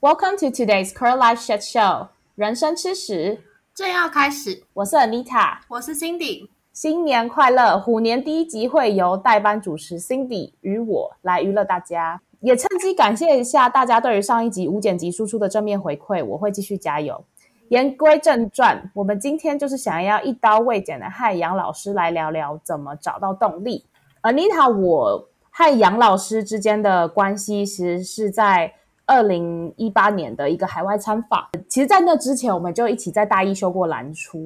Welcome to today's Core Life Shit Show，人生吃屎正要開始。我是 Anita，我是 Cindy，新年快樂！虎年第一集會由代班主持 Cindy 與我來娛樂大家，也趁機感謝一下大家對於上一集無剪輯輸出的正面回饋，我會繼續加油。言歸正傳，我們今天就是想要一刀未剪的和楊老師來聊聊怎麼找到動力、嗯。Anita，我和楊老師之間的關係其實是在。二零一八年的一個海外參訪，其實，在那之前，我們就一起在大一修過籃球。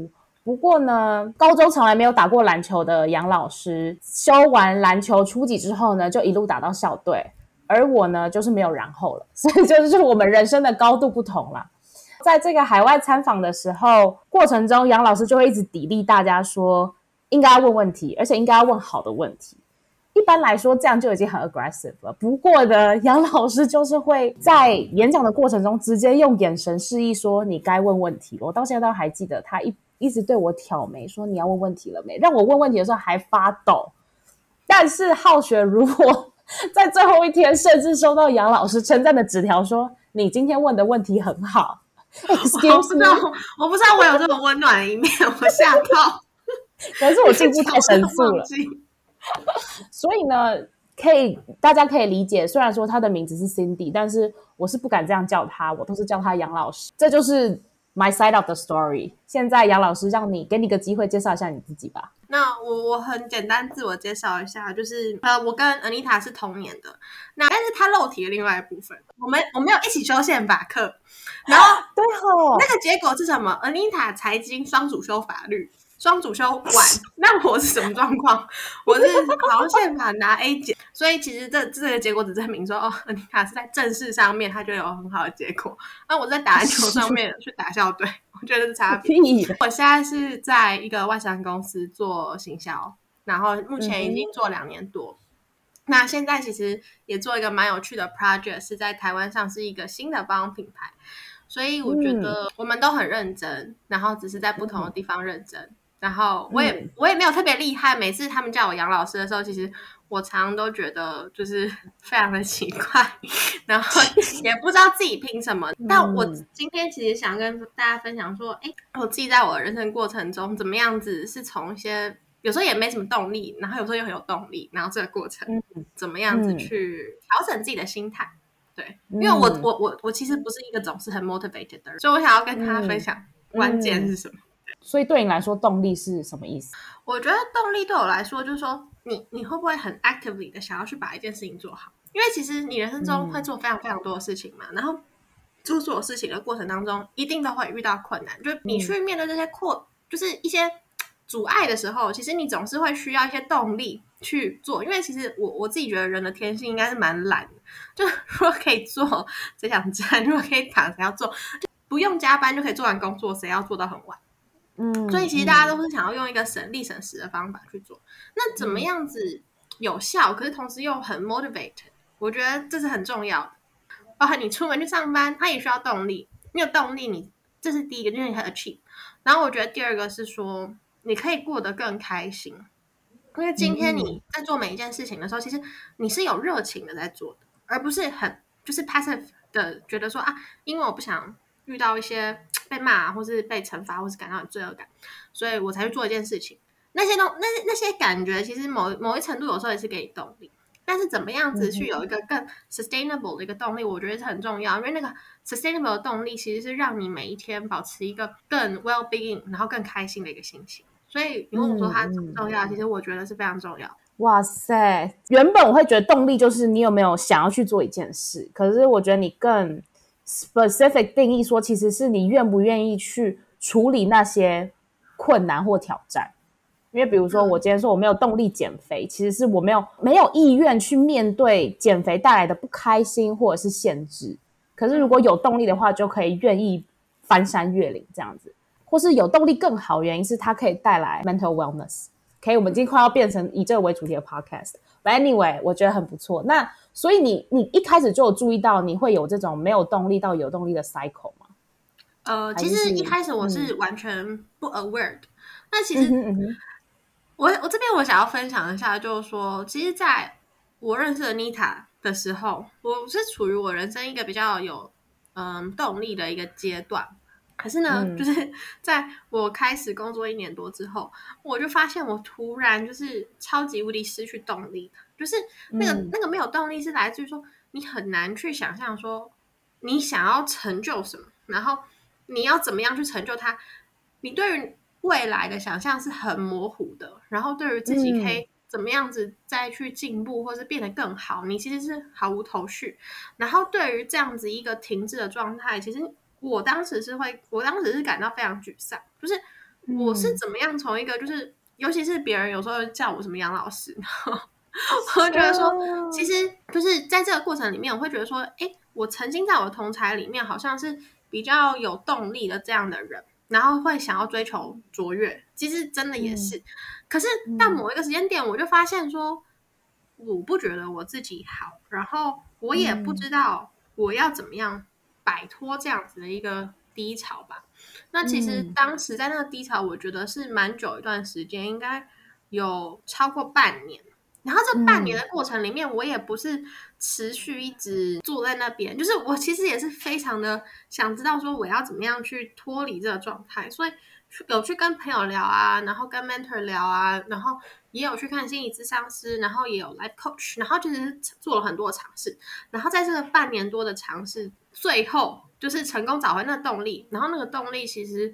不過呢，高中從來沒有打過籃球的楊老師，修完籃球初級之後呢，就一路打到校隊，而我呢，就是沒有然後了，所以就是我們人生的高度不同了。在這個海外參訪的時候過程中，楊老師就會一直砥礪大家說，應該要問問題，而且應該要問好的問題。一般來說，這樣就已經很 aggressive 了。不過呢，楊老師就是會在演講的過程中直接用眼神示意說，你該問問題。我到現在都還記得，他一一直對我挑眉說，你要問問題了沒？讓我問問題的時候還發抖。但是好學，如果在最後一天甚至收到楊老師稱讚的紙條，說，你今天問的問題很好。我不知道 我不知道我有這麼溫暖的一面，我嚇到。 可 是我進步太神速了。 所以呢，可以大家可以理解，雖然說他的名字是 Cindy，但是我是不敢這樣叫他，我都是叫他楊老師。這就是 my side of the story。現在楊老師讓你給你個機會，介紹一下你自己吧。那我我很簡單自我介紹一下，就是呃，我跟 Anita 是同年的，那但是她漏提了另外一部分，我們我們有一起修憲法課，啊、然後對吼、啊，那個結果是什麼？Anita 財經雙主修法律。雙主修完， 那我是什麼狀況？我是好像現場拿 A 減， 所以其實這這個結果只證明說，哦，你卡是在正式上面，他就有很好的結果。那、啊、我在打籃球上面 去打校隊，我覺得是差別的。 我現在是在一個外商公司做行銷，然後目前已經做兩年多。嗯、那現在其實也做一個蠻有趣的 project，是在台灣上是一個新的包裝品牌，所以我覺得我們都很認真，然後只是在不同的地方認真。嗯嗯然後我也、嗯、我也沒有特別厲害，每次他們叫我楊老師的時候，其實我常常都覺得就是非常的奇怪，然後也不知道自己憑什麼、嗯。但我今天其實想跟大家分享說，哎，我自己在我的人生過程中怎麼樣子，是從一些有時候也沒什麼動力，然後有時候又很有動力，然後這個過程、嗯、怎麼樣子去調整自己的心態？對，因為我、嗯、我我我其實不是一個總是很 motivated 的人，所以我想要跟大家分享、嗯、關鍵是什麼。所以對你來說，動力是什麼意思？我覺得動力對我來說，就是說你你會不會很 actively 的想要去把一件事情做好？因為其實你人生中會做非常非常多的事情嘛，嗯、然後做所有事情的過程當中，一定都會遇到困難。就你去面對這些困，就是一些阻礙的時候，其實你總是會需要一些動力去做。因為其實我我自己覺得人的天性應該是蠻懶的，就是如果可以坐，誰想站，如果可以躺誰，要做，不用加班就可以做完工作，誰要做到很晚。嗯，所以其實大家都是想要用一個省力省時的方法去做。那怎麼樣子有效，可是同時又很 motivate？我覺得這是很重要的。包括你出門去上班，他也需要動力。沒有動力，你這是第一個，就是你很 achieve。然後我覺得第二個是說，你可以過得更開心。因為今天你在做每一件事情的時候，其實你是有熱情的在做的，而不是很就是 passive 的覺得說啊，因為我不想。遇到一些被罵，或是被懲罰，或是感到很罪惡感，所以我才去做一件事情。那些東那那些感覺，其實某某一程度有時候也是給你動力。但是怎麼樣子去有一個更 sustainable 的一個動力，我覺得是很重要、嗯。因為那個 sustainable 的動力，其實是讓你每一天保持一個更 well being，然後更開心的一個心情。所以如果你問我說它很重要、嗯，其實我覺得是非常重要。哇塞，原本我會覺得動力就是你有沒有想要去做一件事，可是我覺得你更。Specific 定義說，其實是你願不願意去處理那些困難或挑戰。因為比如說，我今天說我沒有動力減肥，其實是我沒有沒有意願去面對減肥帶來的不開心或者是限制。可是如果有動力的話，就可以願意翻山越嶺這樣子，或是有動力更好的原因是它可以帶來 mental wellness。OK，我們今天快要變成以這個為主題的 podcast。But anyway，我覺得很不錯。那所以你你一開始就有注意到你會有這種沒有動力到有動力的 cycle 嗎？呃，其實一開始我是完全不 aware 的。那、嗯、其實我我這邊我想要分享一下，就是說，其實在我認識 Anita 的時候，我是處於我人生一個比較有嗯動力的一個階段。可是呢、嗯，就是在我開始工作一年多之後，我就發現我突然就是超級無力，失去動力。就是那個、嗯、那個沒有動力，是來自於說你很難去想象說你想要成就什麼，然後你要怎麼樣去成就它。你對於未來的想象是很模糊的，然後對於自己可以怎麼樣子再去進步，或是變得更好，你其實是毫無頭緒。然後對於這樣子一個停滯的狀態，其實。我當時是會，我當時是感到非常沮喪，就是我是怎麼樣從一個就是，嗯、尤其是別人有時候叫我什麼楊老師，然後我會覺得說、啊，其實就是在這個過程裡面，我會覺得說，哎、欸，我曾經在我的同才裡面好像是比較有動力的這樣的人，然後會想要追求卓越，其實真的也是，嗯、可是到某一個時間點，我就發現說、嗯，我不覺得我自己好，然後我也不知道我要怎麼樣。擺脫這樣子的一個低潮吧。那其實當時在那個低潮，我覺得是蠻久一段時間、嗯，應該有超過半年。然後這半年的過程裡面，我也不是持續一直坐在那邊、嗯，就是我其實也是非常的想知道說我要怎麼樣去脫離這個狀態，所以有去跟朋友聊啊，然後跟 mentor 聊啊，然後也有去看心理諮商師，然後也有 life coach，然後其實是做了很多嘗試。然後在這個半年多的嘗試。最後就是成功找回那個動力，然後那個動力其實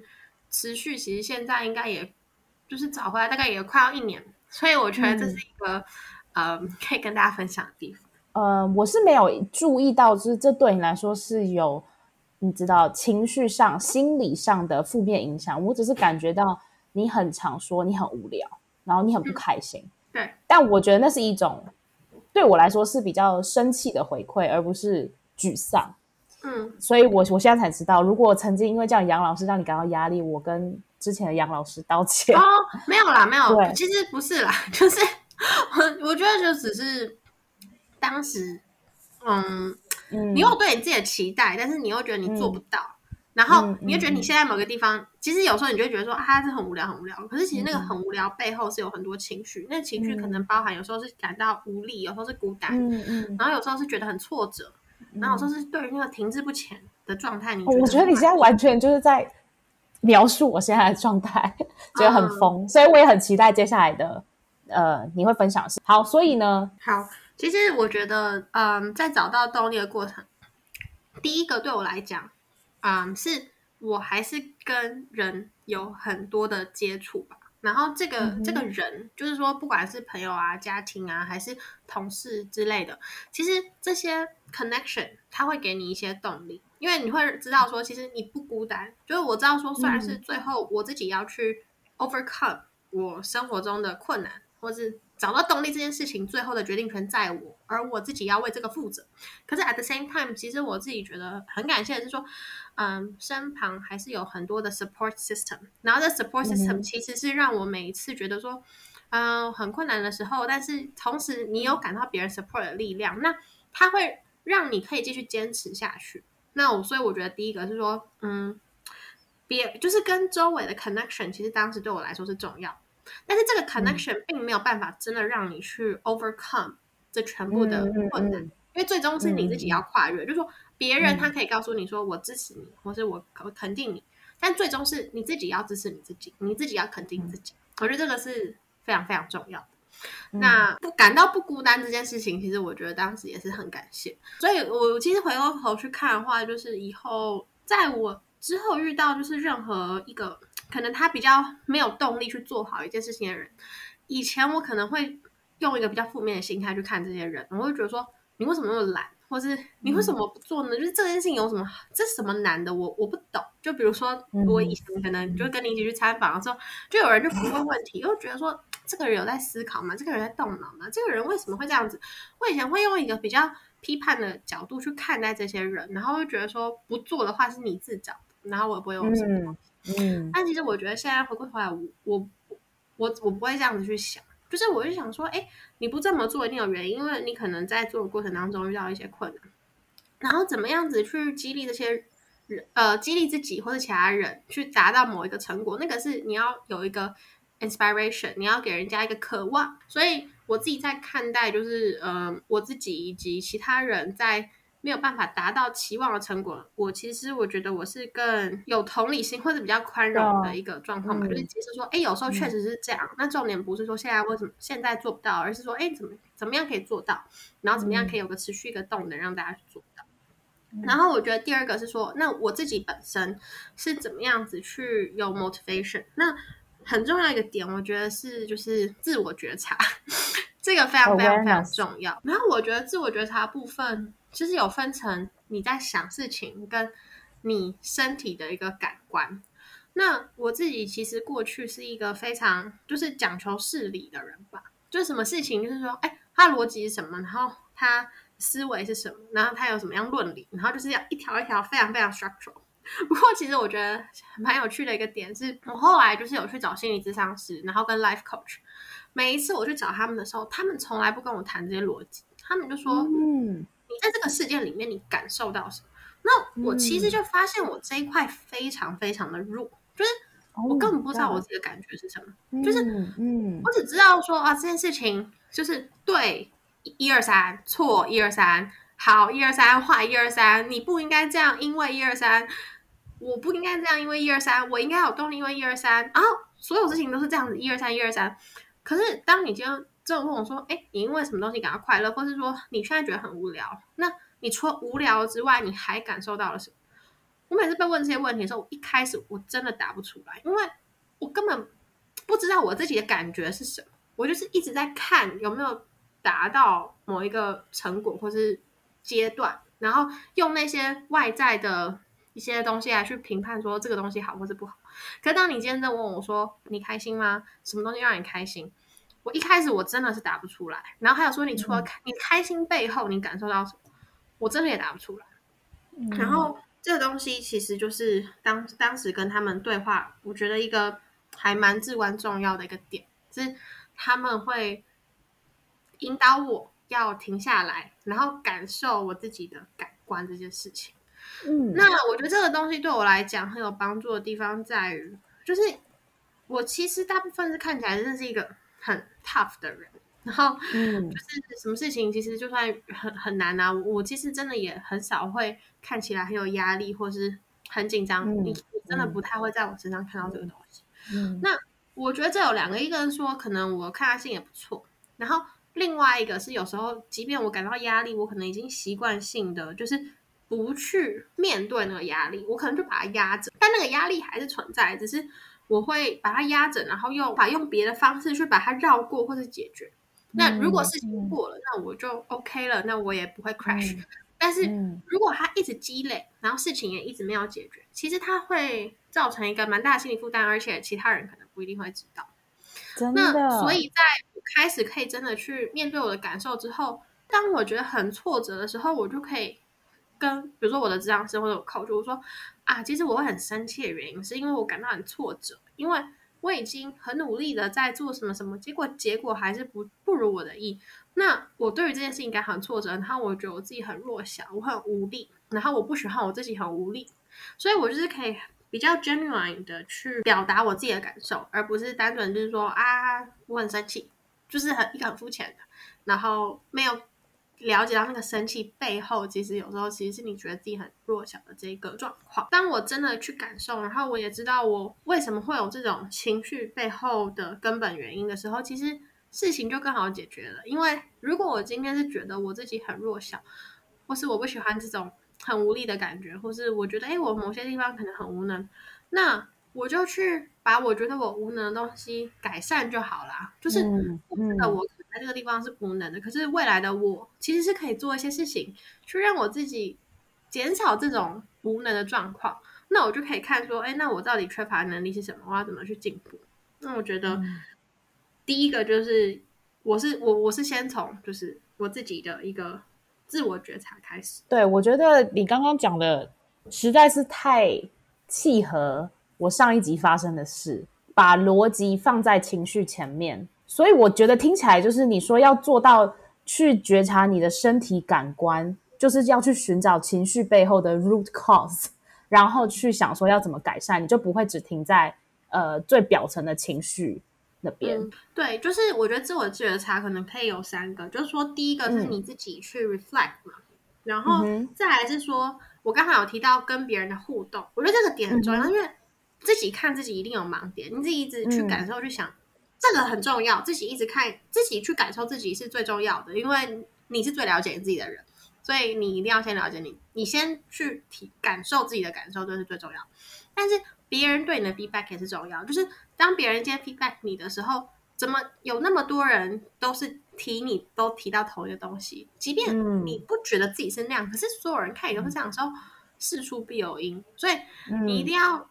持續，其實現在應該也就是找回來，大概也快要一年，所以我覺得這是一個呃可以跟大家分享的地方。呃，我是沒有注意到，就是這對你來說是有你知道情緒上、心理上的負面影響。我只是感覺到你很常說你很無聊，然後你很不開心，嗯。對，但我覺得那是一種對我來說是比較生氣的回饋，而不是沮喪。嗯，所以我，我我現在才知道，如果曾經因為這樣，楊老師讓你感到壓力，我跟之前的楊老師道歉哦，沒有啦，沒有，其實不是啦，就是我，我覺得就只是當時，嗯，嗯，你有對你自己的期待，但是你又覺得你做不到，嗯、然後你又覺得你現在某個地方，嗯嗯、其實有時候你就會覺得說啊，這很無聊，很無聊。可是其實那個很無聊背後是有很多情緒、嗯，那情緒可能包含有時候是感到無力，有時候是孤單，嗯嗯，嗯，然後有時候是覺得很挫折。嗯、然後說是對於那個停滯不前的狀態，你覺我覺得你現在完全就是在描述我現在的狀態，覺得很瘋，嗯、所以我也很期待接下來的。呃，你會分享是好，所以呢，好，其實我覺得，嗯，在找到動力的過程，第一個對我來講，嗯，是我還是跟人有很多的接觸吧。然後這個、嗯、這個人，就是說不管是朋友啊、家庭啊，還是同事之類的，其實這些 connection 它會給你一些動力，因為你會知道說，其實你不孤單。就是我知道說，雖然是最後我自己要去 overcome 我生活中的困難，或是找到動力這件事情，最後的決定權在我。而我自己要為這個負責，可是 at the same time，其實我自己覺得很感謝的是說，嗯，身旁還是有很多的 support system。然後這 support system 其實是讓我每一次覺得說，嗯、呃，很困難的時候，但是同時你有感到別人 support 的力量，那它會讓你可以繼續堅持下去。那我所以我覺得第一個是說，嗯，別就是跟周圍的 connection，其實當時對我來說是重要，但是這個 connection 並沒有辦法真的讓你去 overcome。這全部的困難，嗯嗯，因為最終是你自己要跨越。嗯、就是、說別人他可以告訴你說我支持你，嗯、或是我肯肯定你，但最終是你自己要支持你自己，你自己要肯定自己。嗯、我覺得這個是非常非常重要的、嗯。那不感到不孤單這件事情，其實我覺得當時也是很感謝。所以我其實回過頭去看的話，就是以後在我之後遇到就是任何一個可能他比較沒有動力去做好一件事情的人，以前我可能會。用一個比較負面的心態去看這些人，我會覺得說你為什麼那麼懶，或是你為什麼不做呢、嗯？就是這件事情有什麼，這是什麼難的？我我不懂。就比如說我以前可能就跟你一起去參訪的時候，嗯、就有人就不問問題、嗯，又覺得說這個人有在思考嗎？這個人在動腦嗎？這個人為什麼會這樣子？我以前會用一個比較批判的角度去看待這些人，然後會覺得說不做的話是你自找的，然後我也不會有什麼問題、嗯。嗯，但其實我覺得現在回過頭來，我我我，我不會這樣子去想。就是，我就想說，哎，你不這麼做，一定有原因，因為你可能在做的過程當中遇到一些困難，然後怎麼樣子去激勵這些人，呃，激勵自己或者其他人去達到某一個成果，那個是你要有一個 inspiration，你要給人家一個渴望。所以我自己在看待，就是，嗯、呃，我自己以及其他人在。沒有辦法達到期望的成果，我其實我覺得我是更有同理心或者比較寬容的一個狀況吧，嗯、就是接受說，哎、欸，有時候確實是這樣。嗯、那重點不是說現在為什麼現在做不到，而是說，哎、欸，怎麼怎麼樣可以做到，然後怎麼樣可以有個持續一個動能讓大家去做到、嗯。然後我覺得第二個是說，那我自己本身是怎麼樣子去有 motivation？那很重要一個點，我覺得是就是自我覺察呵呵，這個非常非常非常重要。Awareness. 然後我覺得自我覺察部分。其實有分成，你在想事情，跟你身體的一個感官。那我自己其實過去是一個非常就是講求事理的人吧，就是什麼事情就是說，哎，他的邏輯是什麼，然後他思維是什麼，然後他有什麼樣論理，然後就是要一條一條非常非常 structural。不過其實我覺得蠻有趣的一個點是我後來就是有去找心理諮商師，然後跟 life coach，每一次我去找他們的時候，他們從來不跟我談這些邏輯，他們就說，嗯。你在這個事件裡面，你感受到什麼？那我其實就發現我這一塊非常非常的弱，嗯、就是我根本不知道我自己的感覺是什麼，嗯、就是嗯，我只知道說、嗯、啊，這件事情就是對一、二、三錯一、二、三好一、二、三壞一、二、三，你不應該這樣，因為一、二、三，我不應該這樣，因為一、二、三，我應該有動力，因為一、二、三啊，所有事情都是這樣子一、二、三一、二、三，可是當你今天。種問我說：“哎、欸，你因為什麼東西感到快樂？或是說你現在覺得很無聊？那你除了無聊之外，你還感受到了什麼？”我每次被問這些問題的時候，我一開始我真的答不出來，因為我根本不知道我自己的感覺是什麼。我就是一直在看有沒有達到某一個成果或是階段，然後用那些外在的一些東西來去評判說這個東西好或是不好。可當你今天在問我說：“你開心嗎？什麼東西讓你開心？”我一開始我真的是答不出來，然後還有說，你除了開，嗯，你開心背後你感受到什麼？我真的也答不出來。嗯，然後這個東西其實就是當當時跟他們對話，我覺得一個還蠻至關重要的一個點，就是他們會引導我要停下來，然後感受我自己的感官這件事情。嗯，那我覺得這個東西對我來講很有幫助的地方在於，就是我其實大部分是看起來真的是一個。很 tough 的人，然後就是什麼事情，其實就算很、嗯、很難啊，我其實真的也很少會看起來很有壓力，或是很緊張。你、嗯嗯、真的不太會在我身上看到這個東西。嗯嗯、那我覺得這有兩個，一個是說可能我看他性也不錯，然後另外一個是有時候，即便我感到壓力，我可能已經習慣性的就是不去面對那個壓力，我可能就把它壓着，但那個壓力還是存在，只是。我會把它壓着，然後用把用別的方式去把它繞過或者解決。那如果事情過了，嗯、那我就 OK 了、嗯，那我也不會 crash、嗯。但是如果它一直積累，然後事情也一直沒有解決，其實它會造成一個蠻大的心理負擔，而且其他人可能不一定會知道。真的。那所以，在開始可以真的去面對我的感受之後，當我覺得很挫折的時候，我就可以。跟比如說我的治療師或者我靠住我說啊，其實我會很生氣的原因是因為我感到很挫折，因為我已經很努力的在做什麼什麼，結果結果還是不，不如我的意。那我對於這件事情感很挫折，然後我覺得我自己很弱小，我很無力，然後我不喜歡我自己很無力，所以我就是可以比較 genuine 的去表達我自己的感受，而不是單純就是說啊，我很生氣，就是很一個很膚淺的，然後沒有。了解到那個生氣背後，其實有時候其實是你覺得自己很弱小的這個狀況。當我真的去感受，然後我也知道我為什麼會有這種情緒背後的根本原因的時候，其實事情就更好解決了。因為如果我今天是覺得我自己很弱小，或是我不喜歡這種很無力的感覺，或是我覺得誒、哎，我某些地方可能很無能，那我就去把我覺得我無能的東西改善就好了，就是嗯，那、嗯、我。在這個地方是無能的，可是未來的我其實是可以做一些事情，去讓我自己減少這種無能的狀況。那我就可以看說，哎，那我到底缺乏能力是什麼？我要怎麼去進步？那我覺得第一個就是，我是我，我是先從就是我自己的一個自我覺察開始。對，我覺得你剛剛講的實在是太契合我上一集發生的事，把邏輯放在情緒前面。所以我覺得聽起來就是你說要做到去覺察你的身體感官，就是要去尋找情緒背後的 root cause，然後去想說要怎麼改善，你就不會只停在呃最表層的情緒那邊。嗯。對，就是我覺得自我覺察可能可以有三個，就是說第一個是你自己去 reflect 嘛，嗯、然後再來是說我剛好有提到跟別人的互動，我覺得這個點很重要，嗯、因為自己看自己一定有盲點，你自己一直去感受、嗯、去想。這個很重要，自己一直看，自己去感受自己是最重要的，因為你是最了解自己的人，所以你一定要先了解你，你先去體，感受自己的感受，這是最重要。但是別人對你的 feedback 也是重要，就是當別人接 feedback 你的時候，怎麼有那麼多人都是提你都提到同一個東西，即便你不覺得自己是那樣，嗯、可是所有人看你都是這樣的時候，事出必有因，所以你一定要、嗯，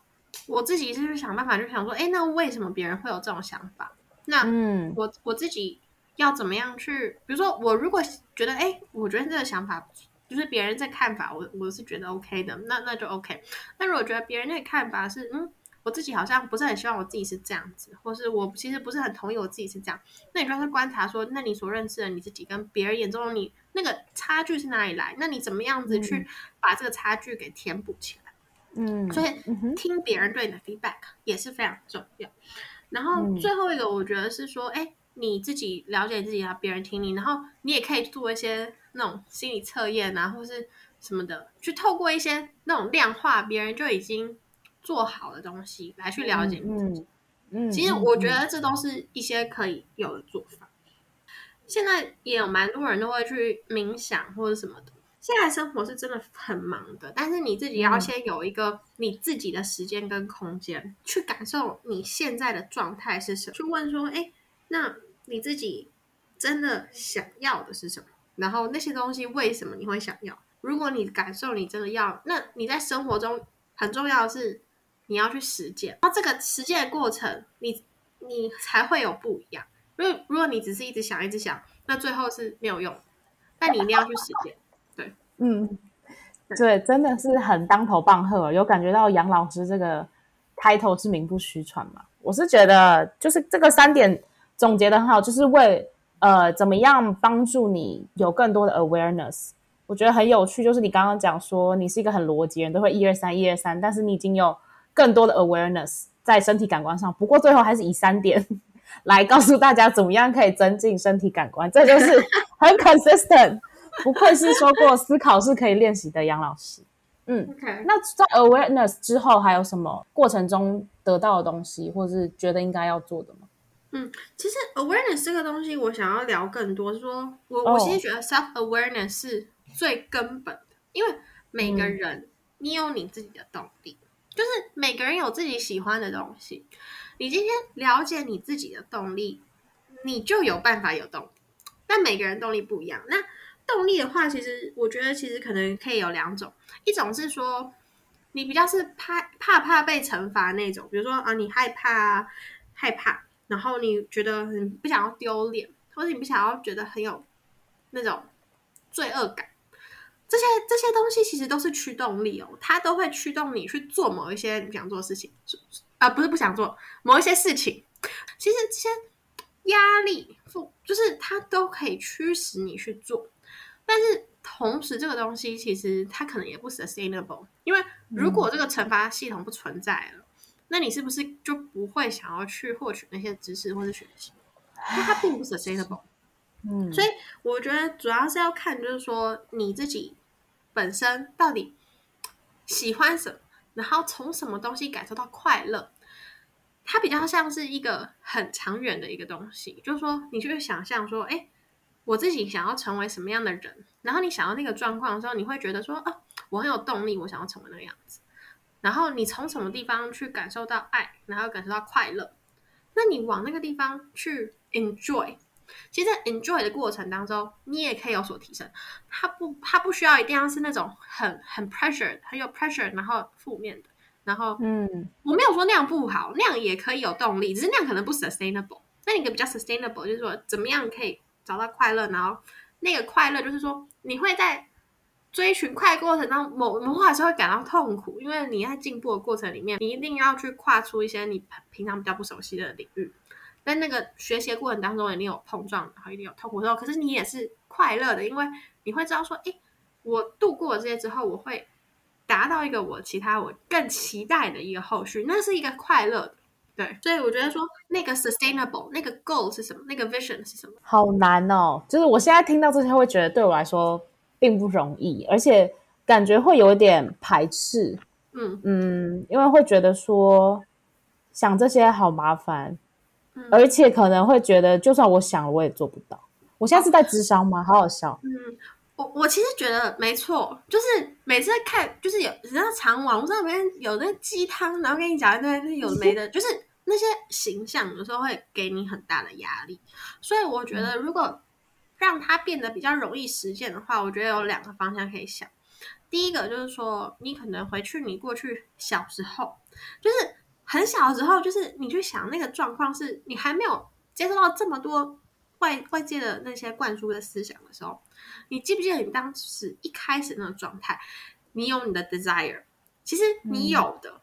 我自己是去想辦法，就想說，哎，那為什麼別人會有這種想法？那我、嗯、我自己要怎麼樣去？比如說，我如果覺得，哎，我覺得這個想法就是別人這看法，我我是覺得 OK 的，那那就 OK。那如果覺得別人的看法是，嗯，我自己好像不是很希望我自己是這樣子，或是我其實不是很同意我自己是這樣，那你就要去觀察說，那你所認識的你自己跟別人眼中的你那個差距是哪裡來？那你怎麼樣子去把這個差距給填補起來？嗯，所以聽別人對你的 feedback 也是非常重要。嗯嗯然後最後一個，我覺得是說，哎、嗯，你自己了解自己啊，別人聽你，然後你也可以做一些那種心理測驗啊，或是什麼的，去透過一些那種量化，別人就已經做好的東西來去了解你自己，嗯嗯嗯嗯嗯。嗯，其實我覺得這都是一些可以有的做法。現在也有蠻多人都會去冥想或者什麼的。現在生活是真的很忙的，但是你自己要先有一個你自己的時間跟空間，嗯，去感受你現在的狀態是什麼。去問說：“哎、欸，那你自己真的想要的是什麼？然後那些東西為什麼你會想要？如果你感受你真的要，那你在生活中很重要的是你要去實踐。那這個實踐的過程，你你才會有不一樣。因為如果你只是一直想，一直想，那最後是沒有用。但你一定要去實踐。”嗯，對，真的是很當頭棒喝，有感覺到楊老師這個開頭是名不虛傳嘛？我是覺得就是這個三點總結得很好，就是為呃怎麼樣幫助你有更多的 awareness，我覺得很有趣。就是你剛剛講說你是一個很邏輯人都會一、二、三、一、二、三，但是你已經有更多的 awareness 在身體感官上，不過最後還是以三點來告訴大家怎麼樣可以增進身體感官，這就是很 consistent。 不愧是說過思考是可以練習的楊老師。嗯，Okay. 那在 awareness 之後還有什麼過程中得到的東西，或是覺得應該要做的嗎？嗯，其實 awareness 這個東西，我想要聊更多。說我我其實覺得 self awareness、oh. 是最根本的，因為每個人你有你自己的動力、嗯，就是每個人有自己喜歡的東西。你今天了解你自己的動力，你就有辦法有動力。但每個人動力不一樣，那。動力的話，其實我覺得其實可能可以有兩種，一種是說你比較是怕怕怕被懲罰那種，比如說啊，你害怕害怕，然後你覺得很不想要丟臉，或者你不想要覺得很有那種罪惡感，這些這些東西其實都是驅動力哦，它都會驅動你去做某一些你想做的事情做，啊，不是不想做某一些事情，其實這些壓力就是它都可以驅使你去做。但是同時，這個東西其實它可能也不 sustainable，因為如果這個懲罰系統不存在了，嗯，那你是不是就不會想要去獲取那些知識或者學習？因為它並不 sustainable。嗯，所以我覺得主要是要看，就是說你自己本身到底喜歡什麼，然後從什麼東西感受到快樂，它比較像是一個很長遠的一個東西。就是說，你去想象說，哎、欸。我自己想要成為什麼樣的人，然後你想要那個狀況的時候，你會覺得說啊，我很有動力，我想要成為那個樣子。然後你從什麼地方去感受到愛，然後感受到快樂，那你往那個地方去 enjoy。其實，在 enjoy 的過程當中，你也可以有所提升。他不，他不需要一定要是那種很很 pressure 很有 pressure，然後負面的。然後，嗯，我沒有說那樣不好，那樣也可以有動力，只是那樣可能不 sustainable。那一個比較 sustainable 就是說，怎麼樣可以找到快樂，然後那個快樂就是說，你會在追尋快過程當中某，某某個時候會感到痛苦，因為你在進步的過程裡面，你一定要去跨出一些你平常比較不熟悉的領域，在那個學習的過程當中，一定有碰撞，然後一定有痛苦的時候，可是你也是快樂的，因為你會知道說，哎，我度過了這些之後，我會達到一個我其他我更期待的一個後續，那是一個快樂的。對，所以我覺得說那個 sustainable 那個 goal 是什麼，那個 vision 是什麼，好難哦。就是我現在聽到這些，會覺得對我來說並不容易，而且感覺會有一點排斥。嗯嗯，因為會覺得說想這些好麻煩，嗯、而且可能會覺得就算我想，我也做不到。我現在是在直銷嗎、啊？好好笑。嗯，我我其實覺得沒錯，就是每次在看就是有人家常網，我說有那雞湯，然後跟你講那那有沒的，是就是。那些形象有時候會給你很大的壓力，所以我覺得如果讓它變得比較容易實現的話，我覺得有兩個方向可以想。第一個就是說，你可能回去你過去小時候，就是很小的時候，就是你去想那個狀況是你還沒有接受到這麼多外外界的那些灌輸的思想的時候，你記不記得你當時一開始那種狀態？你有你的 desire，其實你有的。嗯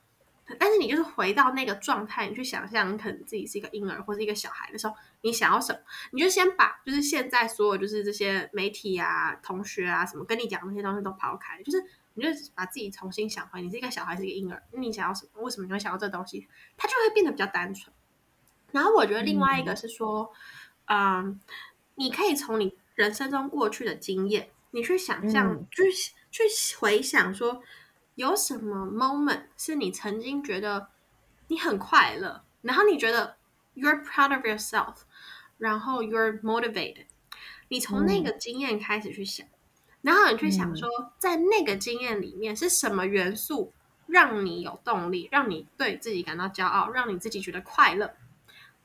但是你就是回到那個狀態，你去想象你可能自己是一個嬰兒或是一個小孩的時候，你想要什麼？你就先把就是現在所有就是這些媒體啊、同學啊什麼跟你講的那些東西都拋開，就是你就把自己重新想回，你是一個小孩，是一個嬰兒，你想要什麼？為什麼你會想要這東西？它就會變得比較單純。然後我覺得另外一個是說，嗯，嗯，你可以從你人生中過去的經驗，你去想象，去、嗯、去回想說。有什麼 moment 是你曾經覺得你很快樂，然後你覺得 you're proud of yourself，然後 you're motivated。你從那個經驗開始去想，嗯、然後你去想說，在那個經驗裡面是什麼元素讓你有動力，讓你對自己感到驕傲，讓你自己覺得快樂？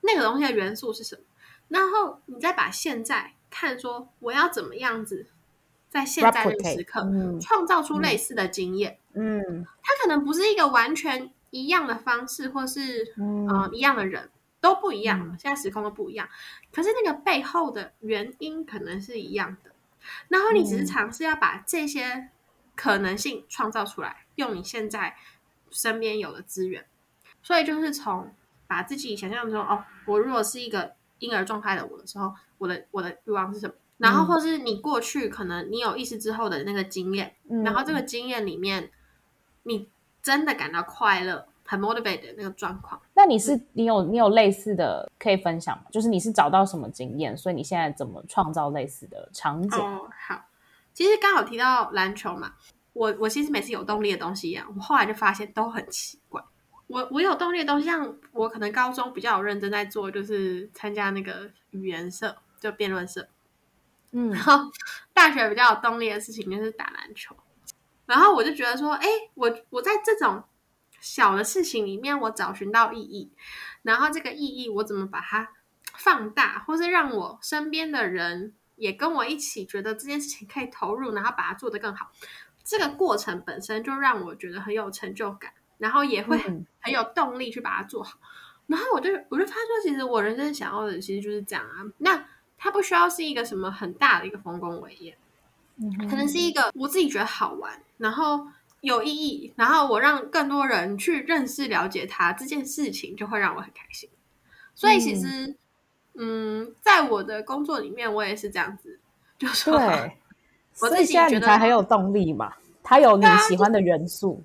那個東西的元素是什麼？然後你再把現在看，說我要怎麼樣子？在現在這個時刻，創造出類似的經驗。嗯，它可能不是一個完全一樣的方式，或是嗯、呃、一樣的人都不一樣、嗯，現在時空都不一樣。可是那個背後的原因可能是一樣的。然後你只是嘗試要把這些可能性創造出來，嗯、用你現在身邊有的資源。所以就是從把自己想象中哦，我如果是一個嬰兒狀態的我的時候，我的我的慾望是什麼？然後，或是你過去可能你有意識之後的那個經驗，嗯，然後這個經驗裡面，你真的感到快樂、很 motivated 的那個狀況，嗯。那你是你有你有類似的可以分享嗎？就是你是找到什麼經驗，所以你現在怎麼創造類似的場景？哦，好。其實剛好提到籃球嘛，我我其實每次有動力的東西一樣，我後來就發現都很奇怪。我我有動力的東西，像我可能高中比較有認真在做，就是參加那個語言社，就辯論社。嗯，然後大學比較有動力的事情就是打籃球，然後我就覺得說，哎，我我在這種小的事情裡面，我找尋到意義，然後這個意義我怎麼把它放大，或是讓我身邊的人也跟我一起覺得這件事情可以投入，然後把它做得更好，這個過程本身就讓我覺得很有成就感，然後也會很有動力去把它做好。然後我就我就發現，其實我人生想要的其實就是這樣啊，那。它不需要是一個什麼很大的一個豐功偉業。嗯，可能是一個我自己覺得好玩，然後有意義，然後我讓更多人去認識了解它這件事情，就會讓我很開心。所以其實，嗯，嗯在我的工作裡面，我也是這樣子，就對，我自己覺得很有動力嘛，它有你喜歡的元素、啊，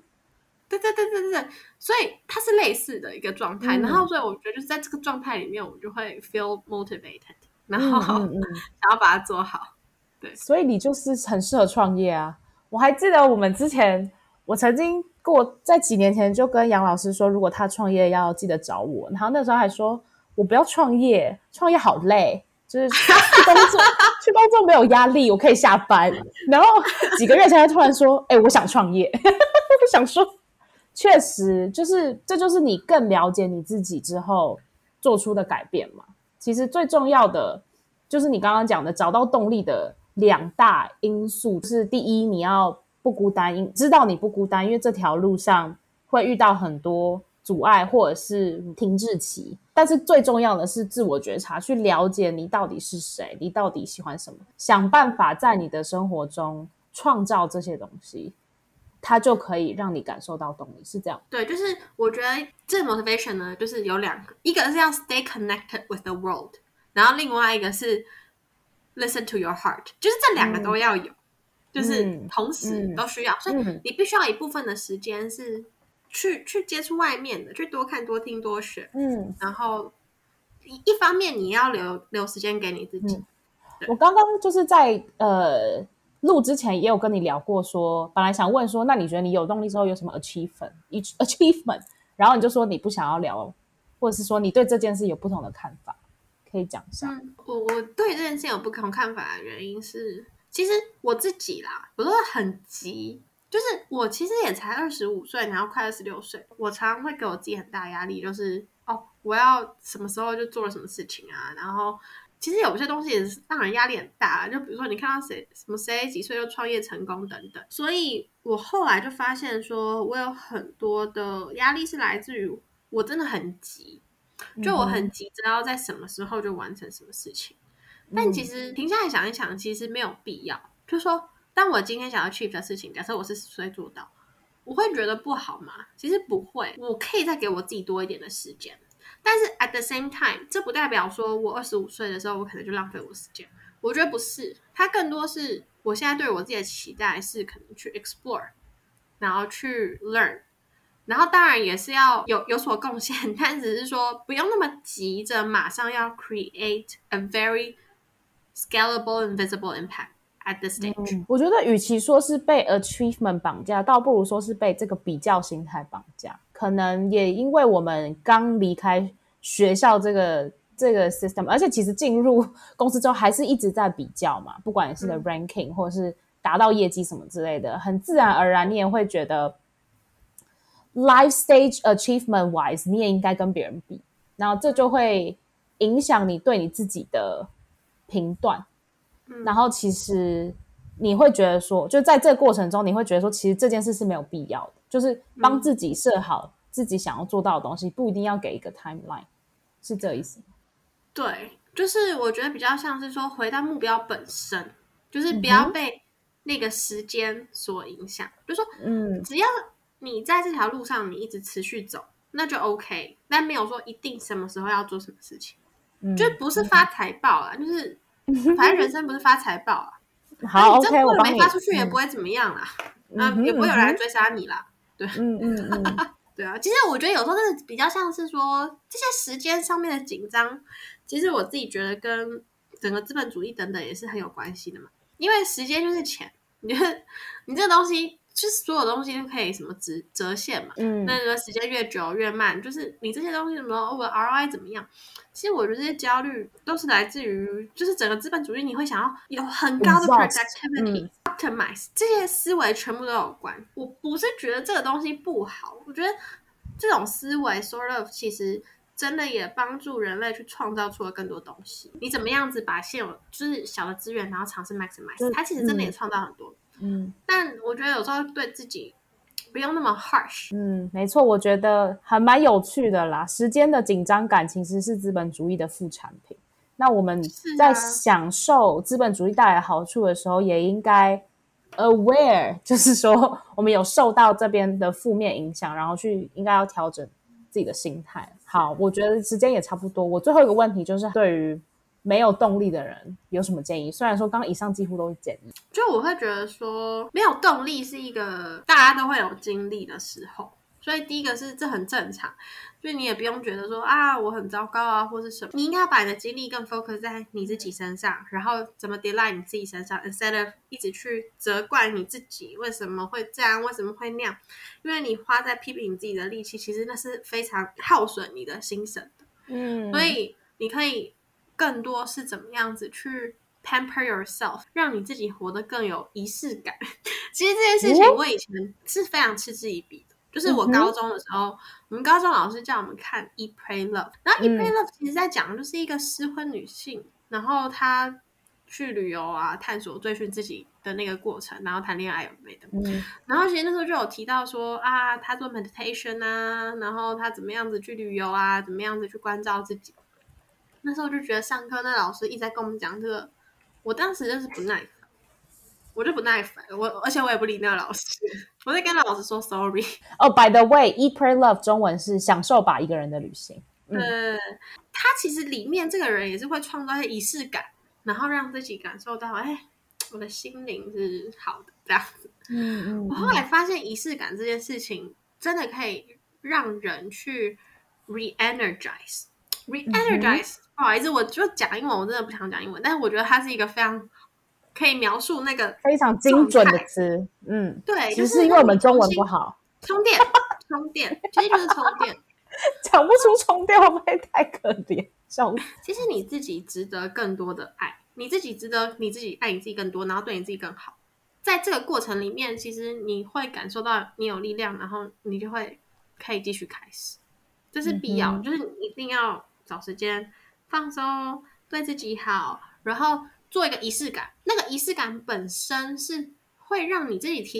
對對對對對，所以它是類似的一個狀態、嗯。然後所以我覺得就是在這個狀態裡面，我就會 feel motivated。然後、嗯嗯，然後把它做好。對，所以你就是很適合創業啊！我還記得我們之前，我曾經過在幾年前就跟楊老師說，如果他創業要記得找我。然後那時候還說，我不要創業，創業好累，就是去工作， 去工作沒有壓力，我可以下班。然後幾個月前他突然說，哎、 欸，我想創業。 想說，確實就是這就是你更了解你自己之後做出的改變嘛。其實最重要的就是你剛剛講的，找到動力的兩大因素是：第一，你要不孤單，因知道你不孤單，因為這條路上會遇到很多阻礙或者是停滯期、嗯；但是最重要的是自我覺察，去了解你到底是誰，你到底喜歡什麼，想辦法在你的生活中創造這些東西。它就可以讓你感受到動力，是這樣。對，就是我覺得這 motivation 呢，就是有兩個，一個是要 stay connected with the world，然後另外一個是 listen to your heart，就是這兩個都要有，嗯、就是同時都需要、嗯。所以你必須要一部分的時間是去、嗯、去接觸外面的，去多看、多聽、多學。嗯，然後一一方面你要留留時間給你自己。嗯、我剛剛就是在呃。錄之前也有跟你聊過說，說本來想問說，那你覺得你有動力之後有什麼 achievement，achievement，achievement，然後你就說你不想要聊，或者是說你對這件事有不同的看法，可以講一下。我、嗯、我對這件事有不同看法的原因是，其實我自己啦，我都很急，就是我其實也才二十五歲，然後快二十六歲，我常常會給我自己很大壓力，就是哦，我要什麼時候就做了什麼事情啊，然後。其實有些東西也是，讓人壓力很大，就比如說你看到誰什麼誰幾歲就創業成功等等。所以我後來就發現說，我有很多的壓力是來自於我真的很急，就我很急，知道在什麼時候就完成什麼事情。但其實停下來想一想，其實沒有必要。就說，當我今天想要 achieve 的事情，假設我是十歲做到，我會覺得不好嗎？其實不會，我可以再給我自己多一點的時間。但是 at the same time，這不代表說我二十五歲的時候我可能就浪費我時間，我覺得不是，它更多是我現在對我自己的期待是可能去 explore，然後去 learn，然後當然也是要有有所貢獻，但只是說不用那麼急着馬上要 create a very scalable and visible impact at the stage，嗯。我覺得與其說是被 achievement 綁架，倒不如說是被這個比較心態綁架。可能也因為我們剛離開。學校這個這個 system，而且其實進入公司之後還是一直在比較嘛，不管你是一個 ranking 或是達到業績什麼之類的，很自然而然，你也會覺得 life stage achievement wise，你也應該跟別人比，然後這就會影響你對你自己的評斷。嗯，然後其實你會覺得說，就在這個過程中，你會覺得說，其實這件事是沒有必要的，就是幫自己設好自己想要做到的東西，不一定要給一個 timeline。是這意思，對，就是我覺得比較像是說回到目標本身，就是不要被那個時間所影響。嗯，就是、說，嗯，只要你在這條路上，你一直持續走，那就 OK。但沒有說一定什麼時候要做什麼事情，嗯，就不是發財報啊。嗯。就是反正人生不是發財報啊。好，OK，我沒發出去也不會怎麼樣啦，嗯嗯，啊，嗯，也不會有人來追殺你啦，對，嗯嗯嗯。 對啊，其實我覺得有時候是比較像是說這些時間上面的緊張，其實我自己覺得跟整個資本主義等等也是很有關係的嘛，因為時間就是錢，你覺得你這個東西。就是所有東西都可以什麼折折現嘛，嗯，那個時間越久越慢。就是你這些東西什麼，over ROI 怎麼樣？其實我覺得這些焦慮都是來自於，就是整個資本主義，你會想要有很高的 productivity，嗯，optimize，這些思維全部都有關。我不是覺得這個東西不好，我覺得這種思維 sort of 其實真的也幫助人類去創造出了更多東西。你怎麼樣子把現有就是小的資源，然後嘗試 maximize，嗯，它其實真的也創造很多。嗯，但我覺得有時候對自己不用那麼 harsh。嗯，沒錯，我覺得還蠻有趣的啦。時間的緊張感其實是資本主義的副產品。那我們在享受資本主義帶來好處的時候，也應該 aware，就是說我們有受到這邊的負面影響，然後去應該要調整自己的心態。好，我覺得時間也差不多。我最後一個問題就是對於。沒有動力的人有什麼建議？雖然說剛剛以上幾乎都是建議，就我會覺得說沒有動力是一個大家都會有經歷的時候，所以第一個是這很正常，所以你也不用覺得說啊我很糟糕啊或是什麼，你應該把你的精力更 focus 在你自己身上，然後怎麼 deadline 你自己身上，instead of 一直去責怪你自己為什麼會這樣，為什麼會那樣，因為你花在批評你自己的力氣，其實那是非常耗損你的心神的。嗯，所以你可以。更多是怎麼樣子去 pamper yourself，讓你自己活得更有儀式感。其實這件事情我以前是非常嗤之以鼻的、嗯。就是我高中的時候、嗯，我們高中老師叫我們看《Eat Pray Love》，然後《Eat Pray Love》其實在講的就是一個失婚女性、嗯，然後她去旅遊啊，探索追尋自己的那個過程，然後談戀愛有沒的、嗯。然後其實那時候就有提到說啊，她做 meditation 啊，然後她怎麼樣子去旅遊啊，怎麼樣子去關照自己。那時候我就覺得上課，那老師一直在跟我們講這個，我當時就是不耐煩，我就不耐煩，我而且我也不理那個老師，我在跟老師說 sorry。哦、oh，by the way，"Eat Pray Love" 中文是享受吧一個人的旅行。對、嗯呃，他其實裡面這個人也是會創造一些儀式感，然後讓自己感受到，哎、欸，我的心靈是，是好的這樣子。嗯嗯。我後來發現儀式感這件事情真的可以讓人去 reenergize。Re-energize，、嗯、不好意思，我就講英文，我真的不想講英文，但是我覺得它是一個非常可以描述那個非常精準的詞，嗯，對，只是因為我們中文不好，充電，充電，其實就是充電， 講不出充電會不會太可憐，講。其實你自己值得更多的愛，你自己值得你自己愛你自己更多，然後對你自己更好，在這個過程裡面，其實你會感受到你有力量，然後你就會可以繼續開始，這是必要、嗯，就是你一定要。找時間放鬆，對自己好，然後做一個儀式感。那個儀式感本身是會讓你自己。